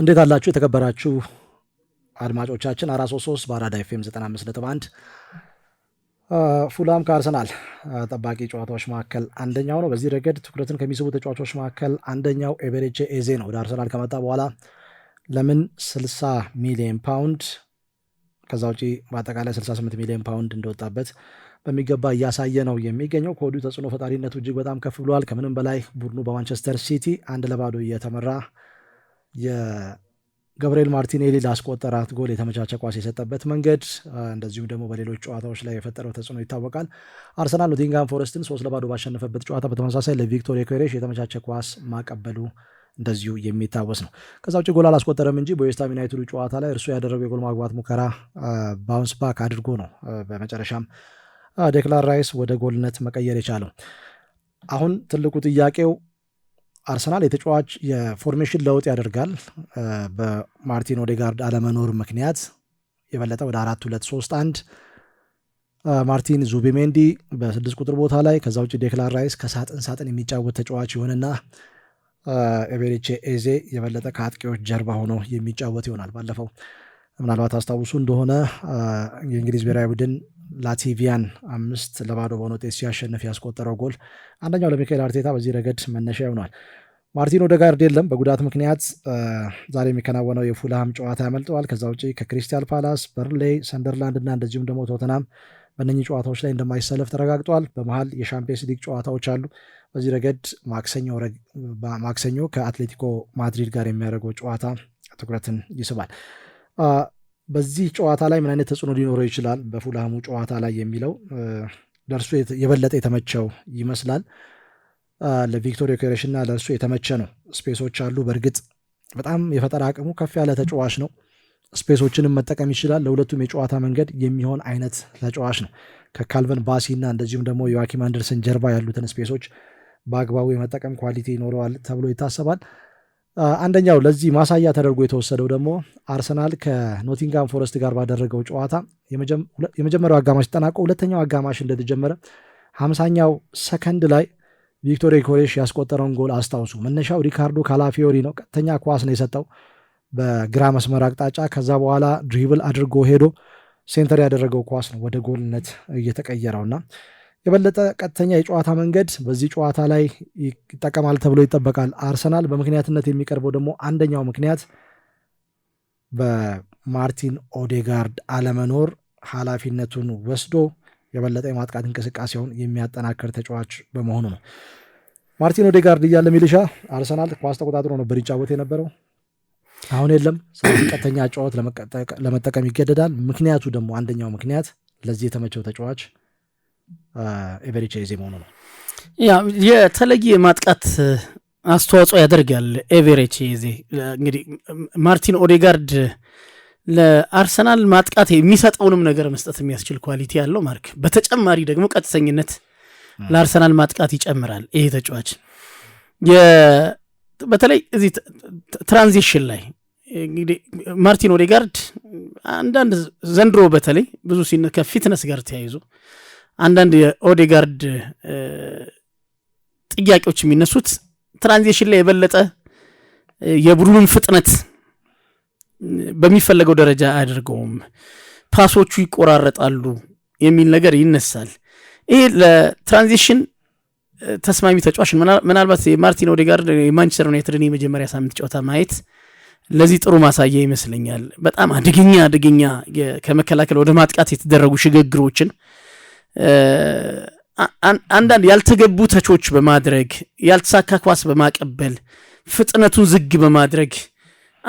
እንዴት አላችሁ? የተከበራችሁ አድማጮቻችን አራት ሶስት ሶስት በአራዳ ኤም ዘጠና አምስት ነጥብ አንድ ፉላም ከአርሰናል ጠባቂ ጨዋታዎች መካከል አንደኛው ነው። በዚህ ረገድ ትኩረትን ከሚስቡ ተጫዋቾች መካከል አንደኛው ኤቤሬቼ ኤዜ ነው። ወደ አርሰናል ከመጣ በኋላ ለምን 60 ሚሊዮን ፓውንድ ከዛ ውጪ በአጠቃላይ 68 ሚሊዮን ፓውንድ እንደወጣበት በሚገባ እያሳየ ነው የሚገኘው። ከወዲ ተጽዕኖ ፈጣሪነቱ እጅግ በጣም ከፍ ብሏል። ከምንም በላይ ቡድኑ በማንቸስተር ሲቲ አንድ ለባዶ እየተመራ የገብርኤል ማርቲኔሊ ላስቆጠራት ጎል የተመቻቸ ኳስ የሰጠበት መንገድ እንደዚሁም ደግሞ በሌሎች ጨዋታዎች ላይ የፈጠረው ተጽዕኖ ይታወቃል። አርሰናል ኖቲንግሃም ፎረስትን ሶስት ለባዶ ባሸነፈበት ጨዋታ በተመሳሳይ ለቪክቶር ኮሬሽ የተመቻቸ ኳስ ማቀበሉ እንደዚሁ የሚታወስ ነው። ከዛ ውጭ ጎል አላስቆጠረም እንጂ በዌስታም ዩናይትዱ ጨዋታ ላይ እርሱ ያደረገው የጎል ማግባት ሙከራ ባውንስ ባክ አድርጎ ነው በመጨረሻም ዴክላን ራይስ ወደ ጎልነት መቀየር የቻለው። አሁን ትልቁ ጥያቄው አርሰናል የተጫዋች የፎርሜሽን ለውጥ ያደርጋል። በማርቲን ኦዴጋርድ አለመኖር ምክንያት የበለጠ ወደ አራት ሁለት ሶስት አንድ ማርቲን ዙቢሜንዲ በስድስት ቁጥር ቦታ ላይ ከዛ ውጭ ዴክላን ራይስ ከሳጥን ሳጥን የሚጫወት ተጫዋች ይሆንና ኤቤሬቼ ኤዜ የበለጠ ከአጥቂዎች ጀርባ ሆኖ የሚጫወት ይሆናል። ባለፈው ምናልባት አስታውሱ እንደሆነ የእንግሊዝ ብሔራዊ ቡድን ላቲቪያን አምስት ለባዶ በሆነ ውጤት ሲያሸንፍ ያስቆጠረው ጎል አንደኛው ለሚካኤል አርቴታ በዚህ ረገድ መነሻ ይሆኗል። ማርቲን ኦዴጋርድ የለም በጉዳት ምክንያት ዛሬ የሚከናወነው የፉልሃም ጨዋታ ያመልጠዋል። ከዛ ውጭ ከክሪስታል ፓላስ፣ በርንሌይ፣ ሰንደርላንድ እና እንደዚሁም ደግሞ ቶተናም በእነኚህ ጨዋታዎች ላይ እንደማይሰለፍ ተረጋግጧል። በመሀል የሻምፒየንስ ሊግ ጨዋታዎች አሉ። በዚህ ረገድ ማክሰኞ ከአትሌቲኮ ማድሪድ ጋር የሚያደርገው ጨዋታ ትኩረትን ይስባል። በዚህ ጨዋታ ላይ ምን አይነት ተጽዕኖ ሊኖረው ይችላል በፉልሃሙ ጨዋታ ላይ የሚለው ለእርሱ የበለጠ የተመቸው ይመስላል። ለቪክቶር ዮኬሬሽ እና ለእርሱ የተመቸ ነው። ስፔሶች አሉ። በእርግጥ በጣም የፈጠራ አቅሙ ከፍ ያለ ተጫዋች ነው። ስፔሶችንም መጠቀም ይችላል። ለሁለቱም የጨዋታ መንገድ የሚሆን አይነት ተጫዋች ነው። ከካልቨን ባሲ እና እንደዚሁም ደግሞ ዮዋኪም አንደርሰን ጀርባ ያሉትን ስፔሶች በአግባቡ የመጠቀም ኳሊቲ ይኖረዋል ተብሎ ይታሰባል። አንደኛው ለዚህ ማሳያ ተደርጎ የተወሰደው ደግሞ አርሰናል ከኖቲንጋም ፎረስት ጋር ባደረገው ጨዋታ የመጀመሪያው አጋማሽ ተጠናቆ ሁለተኛው አጋማሽ እንደተጀመረ ሀምሳኛው ሰከንድ ላይ ቪክቶር ኮሬሽ ያስቆጠረውን ጎል አስታውሱ። መነሻው ሪካርዶ ካላፊዮሪ ነው። ቀጥተኛ ኳስ ነው የሰጠው በግራ መስመር አቅጣጫ። ከዛ በኋላ ድሪብል አድርጎ ሄዶ ሴንተር ያደረገው ኳስ ነው ወደ ጎልነት እየተቀየረውና የበለጠ ቀጥተኛ የጨዋታ መንገድ በዚህ ጨዋታ ላይ ይጠቀማል ተብሎ ይጠበቃል አርሰናል። በምክንያትነት የሚቀርበው ደግሞ አንደኛው ምክንያት በማርቲን ኦዴጋርድ አለመኖር ኃላፊነቱን ወስዶ የበለጠ የማጥቃት እንቅስቃሴውን የሚያጠናክር ተጫዋች በመሆኑ ነው። ማርቲን ኦዴጋርድ እያለ ሚሊሻ አርሰናል ኳስ ተቆጣጥሮ ነበር ይጫወት የነበረው አሁን የለም። ስለዚህ ቀጥተኛ ጨዋት ለመጠቀም ይገደዳል። ምክንያቱ ደግሞ አንደኛው ምክንያት ለዚህ የተመቸው ተጫዋች ኤቨሬቺ ኤዜ መሆኑ ነው። ያ የተለየ ማጥቃት አስተዋጽኦ ያደርጋል። ኤቨሬቺ ኤዜ እንግዲህ ማርቲን ኦዴጋርድ ለአርሰናል ማጥቃት የሚሰጠውንም ነገር መስጠት የሚያስችል ኳሊቲ ያለው ማርክ፣ በተጨማሪ ደግሞ ቀጥተኝነት ለአርሰናል ማጥቃት ይጨምራል። ይሄ ተጫዋች በተለይ እዚህ ትራንዚሽን ላይ እንግዲህ ማርቲን ኦዴጋርድ አንዳንድ ዘንድሮ በተለይ ብዙ ከፊትነስ ጋር ተያይዞ አንዳንድ የኦዴጋርድ ጥያቄዎች የሚነሱት ትራንዚሽን ላይ የበለጠ የቡድኑን ፍጥነት በሚፈለገው ደረጃ አያደርገውም፣ ፓሶቹ ይቆራረጣሉ የሚል ነገር ይነሳል። ይህ ለትራንዚሽን ተስማሚ ተጫዋች ምናልባት የማርቲን ኦዴጋርድ የማንቸስተር ዩናይትድን የመጀመሪያ ሳምንት ጨዋታ ማየት ለዚህ ጥሩ ማሳያ ይመስለኛል። በጣም አደገኛ አደገኛ ከመከላከል ወደ ማጥቃት የተደረጉ ሽግግሮችን አንዳንድ ያልተገቡ ተቾች በማድረግ ያልተሳካ ኳስ በማቀበል ፍጥነቱን ዝግ በማድረግ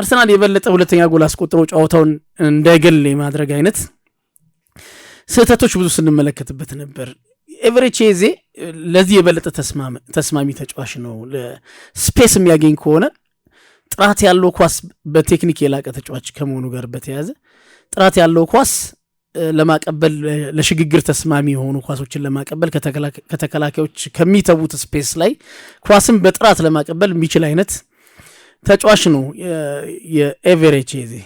አርሰናል የበለጠ ሁለተኛ ጎል አስቆጥሮ ጨዋታውን እንዳይገል የማድረግ አይነት ስህተቶች ብዙ ስንመለከትበት ነበር። ኤቨሬች ኤዜ ለዚህ የበለጠ ተስማሚ ተጫዋች ነው። ስፔስ የሚያገኝ ከሆነ ጥራት ያለው ኳስ በቴክኒክ የላቀ ተጫዋች ከመሆኑ ጋር በተያያዘ ጥራት ያለው ኳስ ለማቀበል ለሽግግር ተስማሚ የሆኑ ኳሶችን ለማቀበል ከተከላካዮች ከሚተዉት ስፔስ ላይ ኳስን በጥራት ለማቀበል የሚችል አይነት ተጫዋች ነው የኤቨሬች ዜ።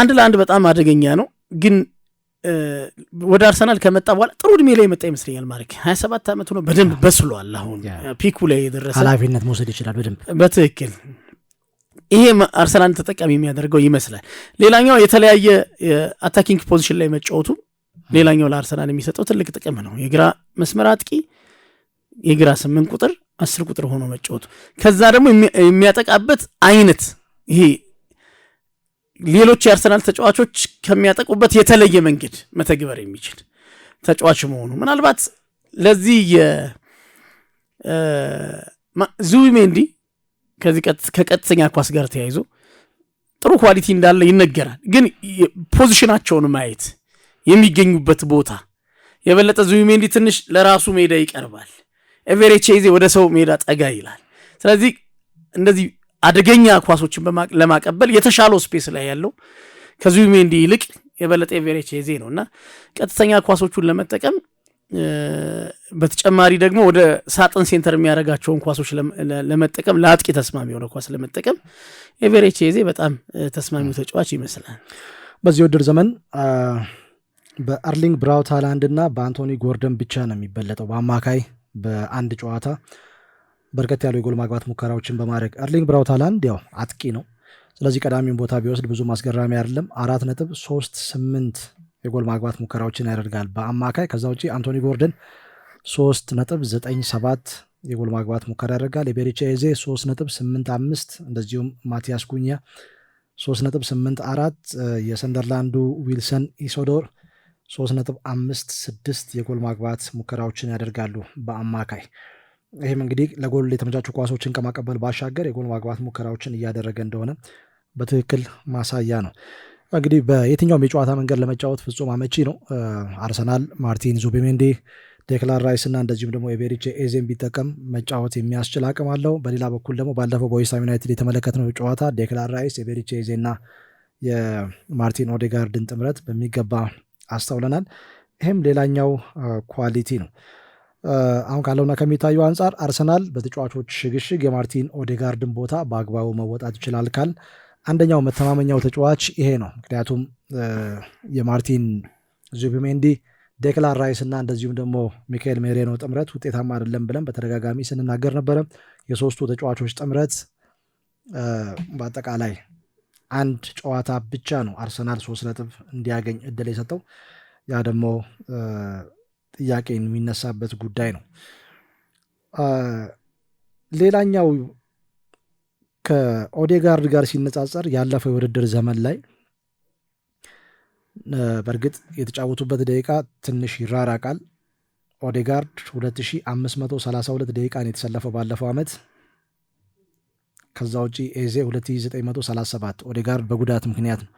አንድ ለአንድ በጣም አደገኛ ነው፣ ግን ወደ አርሰናል ከመጣ በኋላ ጥሩ እድሜ ላይ መጣ ይመስለኛል። ማድረግ 27 ዓመት ዓመቱ ነው። በደንብ በስሏል። አሁን ፒኩ ላይ የደረሰ ኃላፊነት መውሰድ ይችላል በደንብ በትክክል ይሄ አርሰናል ተጠቃሚ የሚያደርገው ይመስላል። ሌላኛው የተለያየ አታኪንግ ፖዚሽን ላይ መጫወቱ ሌላኛው ለአርሰናል የሚሰጠው ትልቅ ጥቅም ነው። የግራ መስመር አጥቂ የግራ ስምንት ቁጥር አስር ቁጥር ሆኖ መጫወቱ ከዛ ደግሞ የሚያጠቃበት አይነት ይሄ ሌሎች የአርሰናል ተጫዋቾች ከሚያጠቁበት የተለየ መንገድ መተግበር የሚችል ተጫዋች መሆኑ ምናልባት ለዚህ የዙቢሜንዲ ከዚህ ከቀጥተኛ ኳስ ጋር ተያይዞ ጥሩ ኳሊቲ እንዳለ ይነገራል። ግን ፖዚሽናቸውን ማየት የሚገኙበት ቦታ የበለጠ ዙቢሜንዲ ትንሽ ለራሱ ሜዳ ይቀርባል። ኤቨሬቼዜ ወደ ሰው ሜዳ ጠጋ ይላል። ስለዚህ እንደዚህ አደገኛ ኳሶችን ለማቀበል የተሻለው ስፔስ ላይ ያለው ከዙቢሜንዲ ይልቅ የበለጠ ኤቨሬቼዜ ነው እና ቀጥተኛ ኳሶቹን ለመጠቀም በተጨማሪ ደግሞ ወደ ሳጥን ሴንተር የሚያደርጋቸውን ኳሶች ለመጠቀም ለአጥቂ ተስማሚ የሆነ ኳስ ለመጠቀም ኤቨሬቺ ዜ በጣም ተስማሚው ተጫዋች ይመስላል። በዚህ ውድድር ዘመን በአርሊንግ ብራውት ሃላንድ እና በአንቶኒ ጎርደን ብቻ ነው የሚበለጠው በአማካይ በአንድ ጨዋታ በርከት ያሉ የጎል ማግባት ሙከራዎችን በማድረግ አርሊንግ ብራውት ሃላንድ ያው አጥቂ ነው። ስለዚህ ቀዳሚውን ቦታ ቢወስድ ብዙ ማስገራሚ አይደለም። አራት ነጥብ ሶስት ስምንት የጎል ማግባት ሙከራዎችን ያደርጋል በአማካይ። ከዛ ውጭ አንቶኒ ጎርደን ሶስት ነጥብ ዘጠኝ ሰባት የጎል ማግባት ሙከራ ያደርጋል። የቤሪቻ ኤዜ ሶስት ነጥብ ስምንት አምስት እንደዚሁም ማቲያስ ጉኛ ሶስት ነጥብ ስምንት አራት የሰንደርላንዱ ዊልሰን ኢሶዶር ሶስት ነጥብ አምስት ስድስት የጎል ማግባት ሙከራዎችን ያደርጋሉ በአማካይ። ይህም እንግዲህ ለጎል የተመቻቹ ኳሶችን ከማቀበል ባሻገር የጎል ማግባት ሙከራዎችን እያደረገ እንደሆነ በትክክል ማሳያ ነው። እንግዲህ በየትኛውም የጨዋታ መንገድ ለመጫወት ፍጹም አመቺ ነው። አርሰናል ማርቲን ዙቢሜንዲ፣ ዴክላን ራይስ እና እንደዚሁም ደግሞ የቤሪቼ ኤዜን ቢጠቀም መጫወት የሚያስችል አቅም አለው። በሌላ በኩል ደግሞ ባለፈው በዌስትሃም ዩናይትድ የተመለከትነው ጨዋታ ዴክላን ራይስ፣ ኤዜ ኤዜና የማርቲን ኦዴጋርድን ጥምረት በሚገባ አስተውለናል። ይህም ሌላኛው ኳሊቲ ነው። አሁን ካለውና ከሚታየው አንጻር አርሰናል በተጫዋቾች ሽግሽግ የማርቲን ኦዴጋርድን ቦታ በአግባቡ መወጣት ይችላል ካል አንደኛው መተማመኛው ተጫዋች ይሄ ነው። ምክንያቱም የማርቲን ዙቢሜንዲ ዴክላን ራይስ እና እንደዚሁም ደግሞ ሚካኤል ሜሬኖ ጥምረት ውጤታማ አይደለም ብለን በተደጋጋሚ ስንናገር ነበረ። የሶስቱ ተጫዋቾች ጥምረት በአጠቃላይ አንድ ጨዋታ ብቻ ነው አርሰናል ሶስት ነጥብ እንዲያገኝ እድል የሰጠው። ያ ደግሞ ጥያቄ የሚነሳበት ጉዳይ ነው። ሌላኛው ከኦዴጋርድ ጋር ሲነጻጸር ያለፈው የውድድር ዘመን ላይ በእርግጥ የተጫወቱበት ደቂቃ ትንሽ ይራራቃል። ኦዴጋርድ 2532 ደቂቃ ነው የተሰለፈው ባለፈው ዓመት። ከዛ ውጪ ኤዜ 2937 ኦዴጋርድ በጉዳት ምክንያት ነው።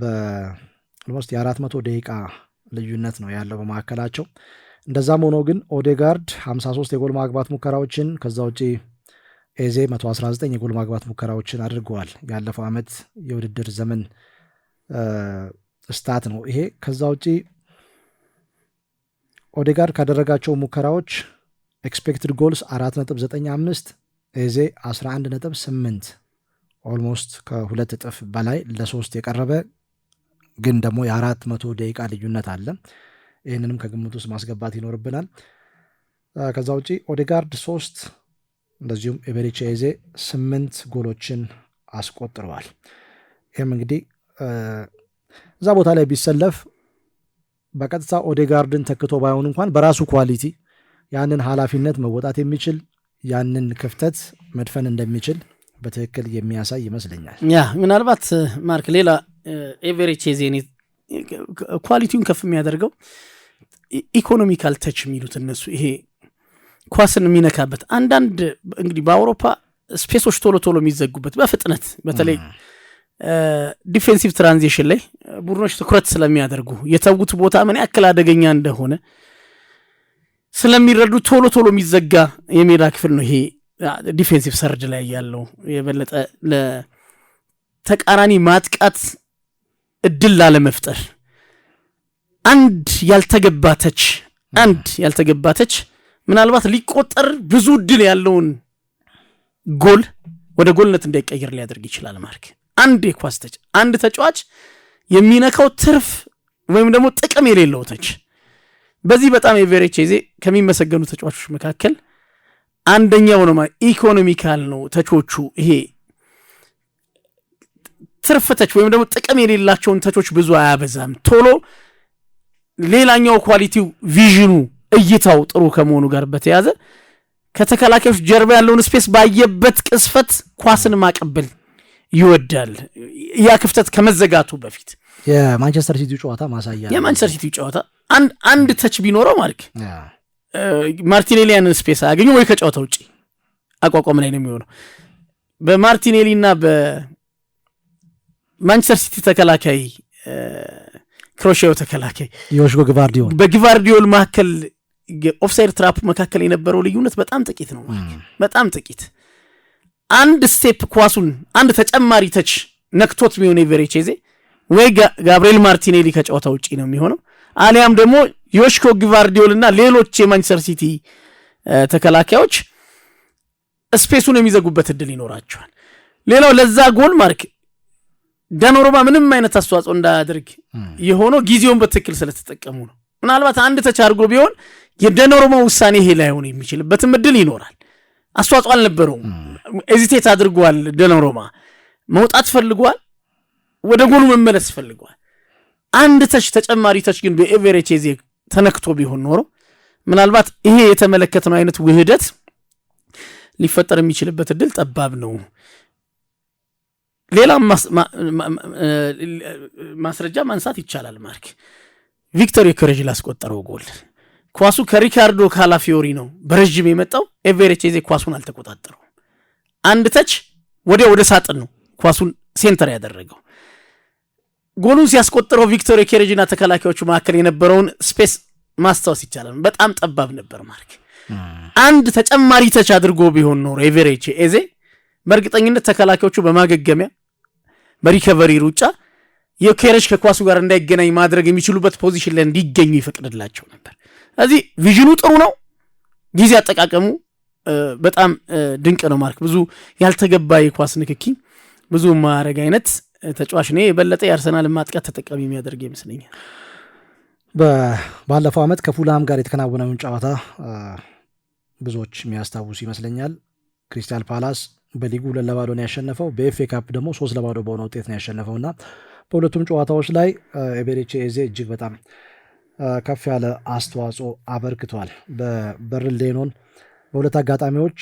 በኦልሞስት የ400 ደቂቃ ልዩነት ነው ያለው በመካከላቸው። እንደዛም ሆኖ ግን ኦዴጋርድ 53 የጎል ማግባት ሙከራዎችን ከዛ ውጪ ኤዜ 119 የጎል ማግባት ሙከራዎችን አድርገዋል። ያለፈው ዓመት የውድድር ዘመን ስታት ነው ይሄ። ከዛ ውጪ ኦዴጋርድ ካደረጋቸው ሙከራዎች ኤክስፔክትድ ጎልስ 4.95 ኤዜ 11.8 ኦልሞስት ከሁለት እጥፍ በላይ ለሶስት የቀረበ ግን ደግሞ የአራት መቶ ደቂቃ ልዩነት አለ። ይህንንም ከግምት ውስጥ ማስገባት ይኖርብናል። ከዛ ውጪ ኦዴጋርድ ሶስት እንደዚሁም ኤቤሬቺ ስምንት ጎሎችን አስቆጥረዋል። ይህም እንግዲህ እዛ ቦታ ላይ ቢሰለፍ በቀጥታ ኦዴጋርድን ተክቶ ባይሆን እንኳን በራሱ ኳሊቲ ያንን ኃላፊነት መወጣት የሚችል ያንን ክፍተት መድፈን እንደሚችል በትክክል የሚያሳይ ይመስለኛል። ያ ምናልባት ማርክ ሌላ ኤቨሬች ዜኔ ኳሊቲውን ከፍ የሚያደርገው ኢኮኖሚካል ተች የሚሉት እነሱ ይሄ ኳስን የሚነካበት አንዳንድ እንግዲህ በአውሮፓ ስፔሶች ቶሎ ቶሎ የሚዘጉበት በፍጥነት በተለይ ዲፌንሲቭ ትራንዚሽን ላይ ቡድኖች ትኩረት ስለሚያደርጉ የተዉት ቦታ ምን ያክል አደገኛ እንደሆነ ስለሚረዱ ቶሎ ቶሎ የሚዘጋ የሜዳ ክፍል ነው ይሄ ዲፌንሲቭ ሰርድ ላይ ያለው የበለጠ ለተቃራኒ ማጥቃት እድል ላለመፍጠር አንድ ያልተገባተች አንድ ያልተገባተች ምናልባት ሊቆጠር ብዙ እድል ያለውን ጎል ወደ ጎልነት እንዳይቀየር ሊያደርግ ይችላል። ማርክ አንድ የኳስ ተች አንድ ተጫዋች የሚነካው ትርፍ ወይም ደግሞ ጥቅም የሌለው ተች። በዚህ በጣም ኤቨሬቼዜ ከሚመሰገኑ ተጫዋቾች መካከል አንደኛው ነው። ኢኮኖሚካል ነው ተቾቹ። ይሄ ትርፍ ተች ወይም ደግሞ ጥቅም የሌላቸውን ተቾች ብዙ አያበዛም። ቶሎ ሌላኛው ኳሊቲው ቪዥኑ እይታው ጥሩ ከመሆኑ ጋር በተያዘ ከተከላካዮች ጀርባ ያለውን ስፔስ ባየበት ቅስፈት ኳስን ማቀበል ይወዳል። ያ ክፍተት ከመዘጋቱ በፊት የማንቸስተር ሲቲ ጨዋታ ማሳያ፣ የማንቸስተር ሲቲ ጨዋታ አንድ ተች ቢኖረው ማርክ ማርቲኔሊ ስፔስ አያገኙ ወይ ከጨዋታ ውጭ አቋቋም ላይ ነው የሚሆነው። በማርቲኔሊ እና በማንቸስተር ሲቲ ተከላካይ ክሮሽያው ተከላካይ በግቫርዲዮል መካከል የኦፍሳይድ ትራፕ መካከል የነበረው ልዩነት በጣም ጥቂት ነው፣ በጣም ጥቂት። አንድ ስቴፕ ኳሱን አንድ ተጨማሪ ተች ነክቶት ቢሆን ኤቨሬቼዜ ወይ ጋብርኤል ማርቲኔሊ ከጨዋታ ውጪ ነው የሚሆነው፣ አሊያም ደግሞ ዮሽኮ ግቫርዲዮል እና ሌሎች የማንቸስተር ሲቲ ተከላካዮች ስፔሱን የሚዘጉበት እድል ይኖራቸዋል። ሌላው ለዛ ጎል ማርክ ደኖሮማ ምንም አይነት አስተዋጽኦ እንዳያደርግ የሆነው ጊዜውን በትክክል ስለተጠቀሙ ነው። ምናልባት አንድ ተች አድርጎ ቢሆን የደኖርሞ ውሳኔ ይሄ ላይሆን የሚችልበትም እድል ይኖራል። አስተዋጽኦ አልነበረውም። ኤዚቴት አድርጓል። ደኖሮማ መውጣት ፈልጓል። ወደ ጎኑ መመለስ ፈልጓል። አንድ ተች ተጨማሪ ተች ግን በኤቨሬች ዜ ተነክቶ ቢሆን ኖሮ ምናልባት ይሄ የተመለከትነው አይነት ውህደት ሊፈጠር የሚችልበት እድል ጠባብ ነው። ሌላም ማስረጃ ማንሳት ይቻላል። ማርክ ቪክተር የኮሬጅ ላስቆጠረው ጎል ኳሱ ከሪካርዶ ካላፊዮሪ ነው በረዥም የመጣው። ኤቨሬቼዜ ኳሱን አልተቆጣጠረውም። አንድ ተች ወዲያ ወደ ሳጥን ነው ኳሱን ሴንተር ያደረገው። ጎሉን ሲያስቆጥረው ቪክቶር ኬሬጅና ተከላካዮቹ መካከል የነበረውን ስፔስ ማስታወስ ይቻላል። በጣም ጠባብ ነበር። ማርክ አንድ ተጨማሪ ተች አድርጎ ቢሆን ኖሮ ኤቨሬቼዜ በእርግጠኝነት ተከላካዮቹ በማገገሚያ በሪከቨሪ ሩጫ የኬሬጅ ከኳሱ ጋር እንዳይገናኝ ማድረግ የሚችሉበት ፖዚሽን ላይ እንዲገኙ ይፈቅድላቸው ነበር። ስለዚህ ቪዥኑ ጥሩ ነው። ጊዜ አጠቃቀሙ በጣም ድንቅ ነው። ማርክ ብዙ ያልተገባ የኳስ ንክኪ ብዙ ማረግ አይነት ተጫዋች ነው። የበለጠ የአርሰናል ማጥቃት ተጠቃሚ የሚያደርግ ይመስለኛል። ባለፈው ዓመት ከፉላም ጋር የተከናወነውን ጨዋታ ብዙዎች የሚያስታውሱ ይመስለኛል። ክሪስታል ፓላስ በሊጉ ሁለት ለባዶ ነው ያሸነፈው። በኤፌ ካፕ ደግሞ ሶስት ለባዶ በሆነ ውጤት ነው ያሸነፈው እና በሁለቱም ጨዋታዎች ላይ ኤቤሬቼ ኤዜ እጅግ በጣም ከፍ ያለ አስተዋጽኦ አበርክቷል። በበርሌኖን በሁለት አጋጣሚዎች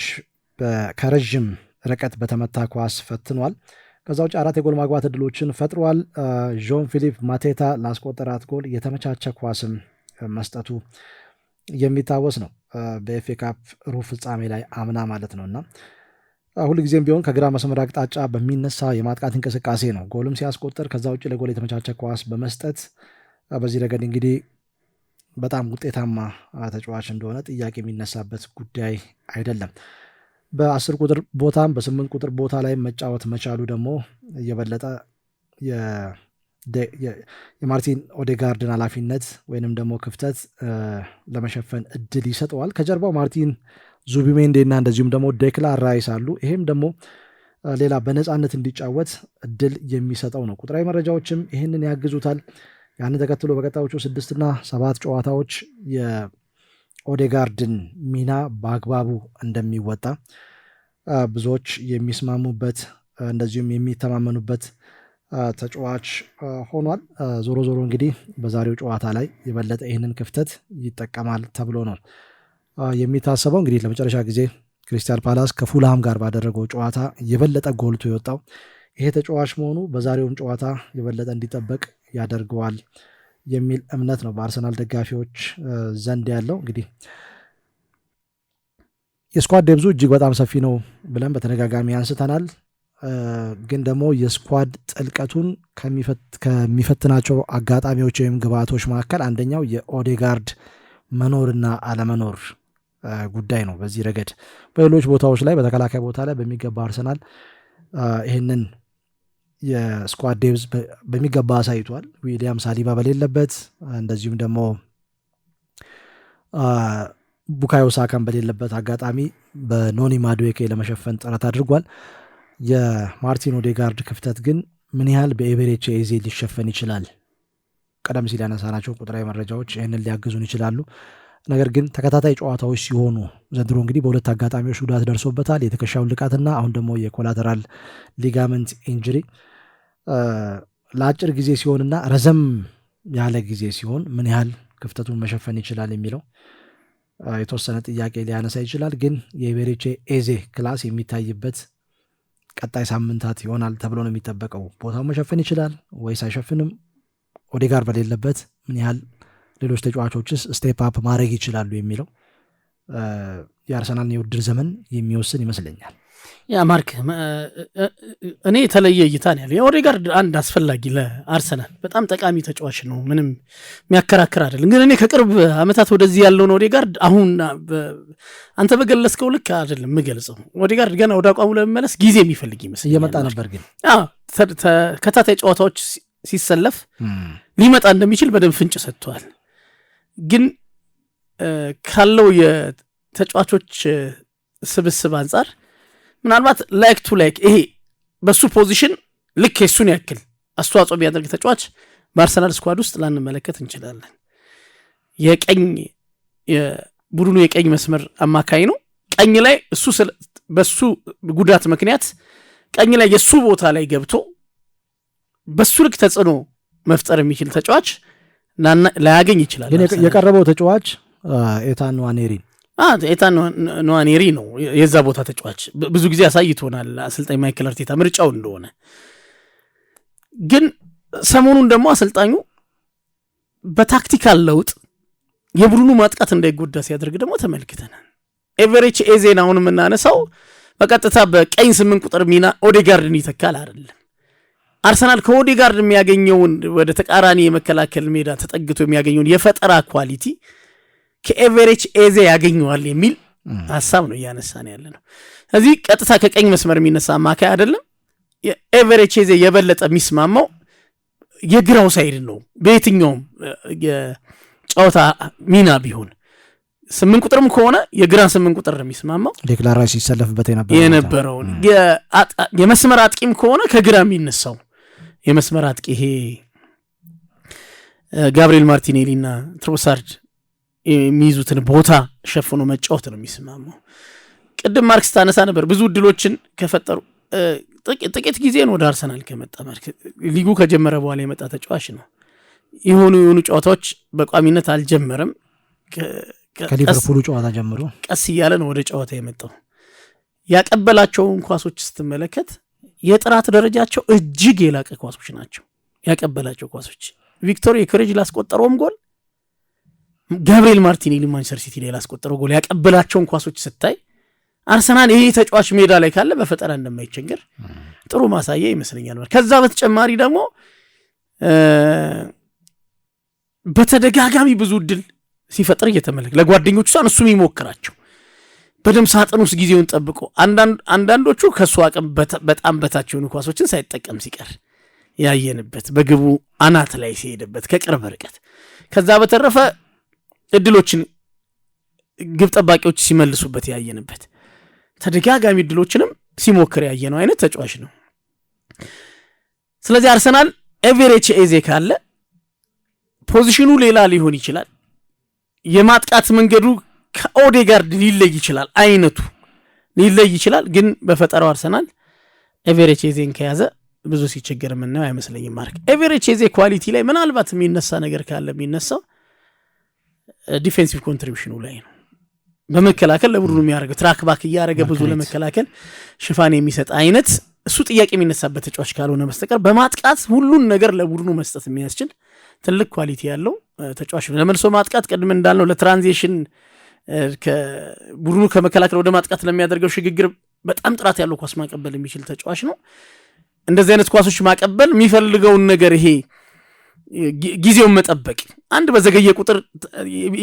ከረዥም ርቀት በተመታ ኳስ ፈትኗል። ከዛ ውጭ አራት የጎል ማግባት እድሎችን ፈጥሯል። ዦን ፊሊፕ ማቴታ ላስቆጠራት ጎል የተመቻቸ ኳስም መስጠቱ የሚታወስ ነው። በኤፍ ኤ ካፕ ሩብ ፍጻሜ ላይ አምና ማለት ነው እና ሁልጊዜም ቢሆን ከግራ መስመር አቅጣጫ በሚነሳ የማጥቃት እንቅስቃሴ ነው ጎልም ሲያስቆጠር፣ ከዛ ውጭ ለጎል የተመቻቸ ኳስ በመስጠት በዚህ ረገድ እንግዲህ በጣም ውጤታማ ተጫዋች እንደሆነ ጥያቄ የሚነሳበት ጉዳይ አይደለም። በአስር ቁጥር ቦታም በስምንት ቁጥር ቦታ ላይ መጫወት መቻሉ ደግሞ የበለጠ የማርቲን ኦዴጋርድን ኃላፊነት ወይንም ደግሞ ክፍተት ለመሸፈን እድል ይሰጠዋል። ከጀርባው ማርቲን ዙቢሜንዴና እንደዚሁም ደግሞ ዴክላን ራይስ አሉ። ይሄም ደግሞ ሌላ በነፃነት እንዲጫወት እድል የሚሰጠው ነው። ቁጥራዊ መረጃዎችም ይህንን ያግዙታል። ያንን ተከትሎ በቀጣዮቹ ስድስትና ሰባት ጨዋታዎች የኦዴጋርድን ሚና በአግባቡ እንደሚወጣ ብዙዎች የሚስማሙበት እንደዚሁም የሚተማመኑበት ተጫዋች ሆኗል። ዞሮ ዞሮ እንግዲህ በዛሬው ጨዋታ ላይ የበለጠ ይህንን ክፍተት ይጠቀማል ተብሎ ነው የሚታሰበው። እንግዲህ ለመጨረሻ ጊዜ ክሪስታል ፓላስ ከፉልሃም ጋር ባደረገው ጨዋታ የበለጠ ጎልቶ የወጣው ይሄ ተጫዋች መሆኑ በዛሬውም ጨዋታ የበለጠ እንዲጠበቅ ያደርገዋል የሚል እምነት ነው በአርሰናል ደጋፊዎች ዘንድ ያለው። እንግዲህ የስኳድ ደብዙ እጅግ በጣም ሰፊ ነው ብለን በተደጋጋሚ አንስተናል። ግን ደግሞ የስኳድ ጥልቀቱን ከሚፈትናቸው አጋጣሚዎች ወይም ግብዓቶች መካከል አንደኛው የኦዴጋርድ መኖርና አለመኖር ጉዳይ ነው። በዚህ ረገድ በሌሎች ቦታዎች ላይ በተከላካይ ቦታ ላይ በሚገባ አርሰናል ይህንን የስኳድ ዴብዝ በሚገባ አሳይቷል። ዊሊያም ሳሊባ በሌለበት እንደዚሁም ደግሞ ቡካዮ ሳካን በሌለበት አጋጣሚ በኖኒ ማድዌኬ ለመሸፈን ጥረት አድርጓል። የማርቲን ኦዴጋርድ ክፍተት ግን ምን ያህል በኤቤሬቺ ኤዜ ሊሸፈን ይችላል? ቀደም ሲል ያነሳናቸው ቁጥራዊ መረጃዎች ይህንን ሊያግዙን ይችላሉ። ነገር ግን ተከታታይ ጨዋታዎች ሲሆኑ ዘንድሮ እንግዲህ በሁለት አጋጣሚዎች ጉዳት ደርሶበታል። የትከሻውን ልቃትና አሁን ደግሞ የኮላተራል ሊጋመንት ኢንጅሪ ለአጭር ጊዜ ሲሆንና ረዘም ያለ ጊዜ ሲሆን ምን ያህል ክፍተቱን መሸፈን ይችላል የሚለው የተወሰነ ጥያቄ ሊያነሳ ይችላል። ግን የቤሬቼ ኤዜ ክላስ የሚታይበት ቀጣይ ሳምንታት ይሆናል ተብሎ ነው የሚጠበቀው። ቦታው መሸፈን ይችላል ወይስ አይሸፍንም? ኦዴጋርድ በሌለበት ምን ያህል ሌሎች ተጫዋቾችስ ስቴፕ አፕ ማድረግ ይችላሉ የሚለው የአርሰናልን የውድድር ዘመን የሚወስን ይመስለኛል። ያ ማርክ እኔ የተለየ እይታ ያለ ያለው። የኦዴጋርድ አንድ አስፈላጊ ለአርሰናል በጣም ጠቃሚ ተጫዋች ነው፣ ምንም የሚያከራክር አይደለም። ግን እኔ ከቅርብ አመታት ወደዚህ ያለውን ኦዴጋርድ አሁን አንተ በገለጽከው ልክ አይደለም የምገልጸው። ኦዴጋርድ ገና ወደ አቋሙ ለመመለስ ጊዜ የሚፈልግ ይመስል እየመጣ ነበር፣ ግን ከታታይ ጨዋታዎች ሲሰለፍ ሊመጣ እንደሚችል በደንብ ፍንጭ ሰጥቷል ግን ካለው የተጫዋቾች ስብስብ አንጻር ምናልባት ላይክ ቱ ላይክ ይሄ በሱ ፖዚሽን ልክ የሱን ያክል አስተዋጽኦ ቢያደርግ ተጫዋች በአርሰናል ስኳድ ውስጥ ላንመለከት እንችላለን። የቀኝ ቡድኑ የቀኝ መስመር አማካይ ነው። ቀኝ ላይ እሱ በሱ ጉዳት ምክንያት ቀኝ ላይ የእሱ ቦታ ላይ ገብቶ በሱ ልክ ተጽዕኖ መፍጠር የሚችል ተጫዋች ላያገኝ ይችላል። የቀረበው ተጫዋች ኤታን ዋኔሪን ኤታን ነዋኔሪ ነው የዛ ቦታ ተጫዋች። ብዙ ጊዜ አሳይቶናል አሰልጣኝ ማይክል አርቴታ ምርጫው እንደሆነ። ግን ሰሞኑን ደግሞ አሰልጣኙ በታክቲካል ለውጥ የቡድኑ ማጥቃት እንዳይጎዳ ሲያደርግ ደግሞ ተመልክተናል። ኤቨሬች ኤዜን አሁን የምናነሳው በቀጥታ በቀኝ ስምንት ቁጥር ሚና ኦዴጋርድን ይተካል አይደለም። አርሰናል ከኦዴጋርድ የሚያገኘውን ወደ ተቃራኒ የመከላከል ሜዳ ተጠግቶ የሚያገኘውን የፈጠራ ኳሊቲ ከኤቨሬች ኤዜ ያገኘዋል የሚል ሀሳብ ነው እያነሳን ያለ ነው። እዚህ ቀጥታ ከቀኝ መስመር የሚነሳ አማካይ አይደለም። ኤቨሬች ኤዜ የበለጠ የሚስማማው የግራው ሳይድ ነው። በየትኛውም የጨዋታ ሚና ቢሆን ስምንት ቁጥርም ከሆነ የግራ ስምንት ቁጥር ነው የሚስማማው። ዴክላን ሲሰለፍበት የነበረውን የመስመር አጥቂም ከሆነ ከግራ የሚነሳው የመስመር አጥቂ ይሄ ጋብሪኤል ማርቲኔሊ ና ትሮሳርድ የሚይዙትን ቦታ ሸፍኖ መጫወት ነው የሚስማማው። ቅድም ማርክስ ታነሳ ነበር ብዙ እድሎችን ከፈጠሩ ጥቂት ጊዜ ወደ አርሰናል ከመጣ ሊጉ ከጀመረ በኋላ የመጣ ተጫዋች ነው። የሆኑ የሆኑ ጨዋታዎች በቋሚነት አልጀመረም። ከሊቨርፑሉ ጨዋታ ጀምሮ ቀስ እያለ ነው ወደ ጨዋታ የመጣው። ያቀበላቸውን ኳሶች ስትመለከት የጥራት ደረጃቸው እጅግ የላቀ ኳሶች ናቸው ያቀበላቸው ኳሶች። ቪክቶር የኮሬጅ ላስቆጠረውም ጎል ገብርኤል ማርቲኔሊ ማንቸስተር ሲቲ ላይ ላስቆጠረው ጎል ያቀበላቸውን ኳሶች ስታይ አርሰናል ይሄ ተጫዋች ሜዳ ላይ ካለ በፈጠራ እንደማይቸገር ጥሩ ማሳያ ይመስለኛል። ከዛ በተጨማሪ ደግሞ በተደጋጋሚ ብዙ እድል ሲፈጥር እየተመለከ ለጓደኞቹ ሳን እሱም ይሞክራቸው በደም ሳጥን ውስጥ ጊዜውን ጠብቆ አንዳንዶቹ ከእሱ አቅም በጣም በታች የሆኑ ኳሶችን ሳይጠቀም ሲቀር ያየንበት በግቡ አናት ላይ ሲሄድበት ከቅርብ ርቀት ከዛ በተረፈ እድሎችን ግብ ጠባቂዎች ሲመልሱበት ያየንበት ተደጋጋሚ እድሎችንም ሲሞክር ያየነው አይነት ተጫዋች ነው። ስለዚህ አርሰናል ኤቨሬች ኤዜ ካለ ፖዚሽኑ ሌላ ሊሆን ይችላል። የማጥቃት መንገዱ ከኦዴጋርድ ሊለይ ይችላል፣ አይነቱ ሊለይ ይችላል። ግን በፈጠራው አርሰናል ኤቨሬች ኤዜን ከያዘ ብዙ ሲቸገር የምናየው አይመስለኝም። ማርክ ኤቨሬች ኤዜ ኳሊቲ ላይ ምናልባት የሚነሳ ነገር ካለ የሚነሳው ዲፌንሲቭ ኮንትሪቢሽኑ ላይ ነው። በመከላከል ለቡድኑ የሚያደርገው ትራክ ባክ እያደረገ ብዙ ለመከላከል ሽፋን የሚሰጥ አይነት እሱ ጥያቄ የሚነሳበት ተጫዋች ካልሆነ በስተቀር በማጥቃት ሁሉን ነገር ለቡድኑ መስጠት የሚያስችል ትልቅ ኳሊቲ ያለው ተጫዋች ነው። ለመልሶ ማጥቃት ቅድም እንዳልነው ለትራንዚሽን ቡድኑ ከመከላከል ወደ ማጥቃት ለሚያደርገው ሽግግር በጣም ጥራት ያለው ኳስ ማቀበል የሚችል ተጫዋች ነው። እንደዚህ አይነት ኳሶች ማቀበል የሚፈልገውን ነገር ይሄ ጊዜውን መጠበቅ፣ አንድ በዘገየ ቁጥር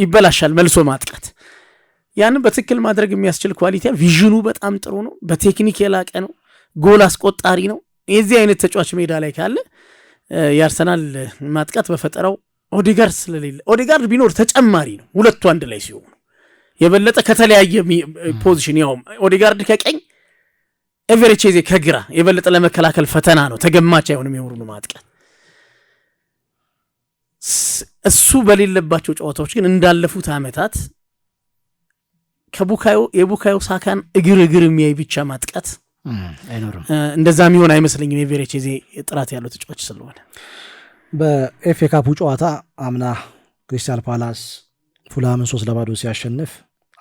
ይበላሻል መልሶ ማጥቃት። ያንን በትክክል ማድረግ የሚያስችል ኳሊቲ ቪዥኑ በጣም ጥሩ ነው። በቴክኒክ የላቀ ነው። ጎል አስቆጣሪ ነው። የዚህ አይነት ተጫዋች ሜዳ ላይ ካለ የአርሰናል ማጥቃት በፈጠረው ኦዲጋርድ ስለሌለ ኦዲጋርድ ቢኖር ተጨማሪ ነው። ሁለቱ አንድ ላይ ሲሆኑ የበለጠ ከተለያየ ፖዚሽን ያውም ኦዲጋርድ ከቀኝ ኤቨሬቼዜ ከግራ የበለጠ ለመከላከል ፈተና ነው። ተገማች አይሆንም የሁሉ ማጥቃት እሱ በሌለባቸው ጨዋታዎች ግን እንዳለፉት ዓመታት ከቡካዮ የቡካዮ ሳካን እግር እግር የሚያይ ብቻ ማጥቃት እንደዛ የሚሆን አይመስለኝም የቬሬቼ ዜ ጥራት ያለው ተጫዋች ስለሆነ። በኤፍኤ ካፑ ጨዋታ አምና ክሪስታል ፓላስ ፉላምን ሶስት ለባዶ ሲያሸንፍ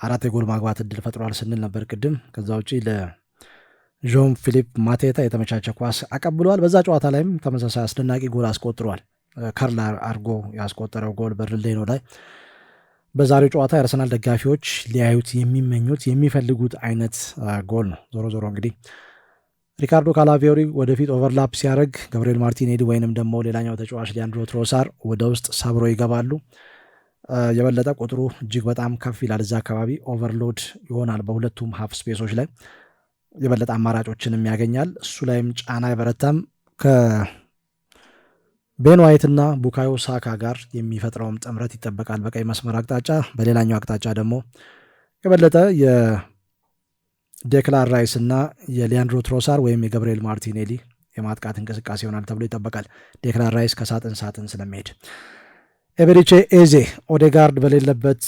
አራት የጎል ማግባት እድል ፈጥሯል ስንል ነበር ቅድም። ከዛ ውጪ ለዦን ፊሊፕ ማቴታ የተመቻቸ ኳስ አቀብለዋል። በዛ ጨዋታ ላይም ተመሳሳይ አስደናቂ ጎል አስቆጥሯል። ከርል አድርጎ ያስቆጠረው ጎል በርንሌኖ ላይ በዛሬው ጨዋታ የአርሰናል ደጋፊዎች ሊያዩት የሚመኙት የሚፈልጉት አይነት ጎል ነው። ዞሮ ዞሮ እንግዲህ ሪካርዶ ካላቬሪ ወደፊት ኦቨርላፕ ሲያደርግ ገብርኤል ማርቲኔሊ ወይንም ደግሞ ሌላኛው ተጫዋች ሊያንድሮ ትሮሳር ወደ ውስጥ ሰብሮ ይገባሉ። የበለጠ ቁጥሩ እጅግ በጣም ከፍ ይላል። እዛ አካባቢ ኦቨርሎድ ይሆናል። በሁለቱም ሀፍ ስፔሶች ላይ የበለጠ አማራጮችንም ያገኛል። እሱ ላይም ጫና አይበረታም። ቤን ዋይትና ቡካዮ ሳካ ጋር የሚፈጥረውም ጥምረት ይጠበቃል በቀይ መስመር አቅጣጫ። በሌላኛው አቅጣጫ ደግሞ የበለጠ የዴክላን ራይስ እና የሊያንድሮ ትሮሳር ወይም የገብርኤል ማርቲኔሊ የማጥቃት እንቅስቃሴ ይሆናል ተብሎ ይጠበቃል። ዴክላን ራይስ ከሳጥን ሳጥን ስለሚሄድ ኤቤሪቼ ኤዜ ኦዴጋርድ በሌለበት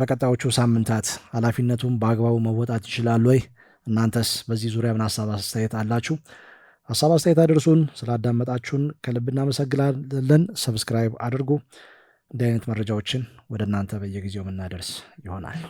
በቀጣዮቹ ሳምንታት ኃላፊነቱን በአግባቡ መወጣት ይችላል ወይ? እናንተስ በዚህ ዙሪያ ምን ሀሳብ አስተያየት አላችሁ? ሀሳብ አስተያየት አድርሱን። ስላዳመጣችሁን ከልብ እናመሰግናለን። ሰብስክራይብ አድርጉ። እንዲህ አይነት መረጃዎችን ወደ እናንተ በየጊዜው የምናደርስ ይሆናል።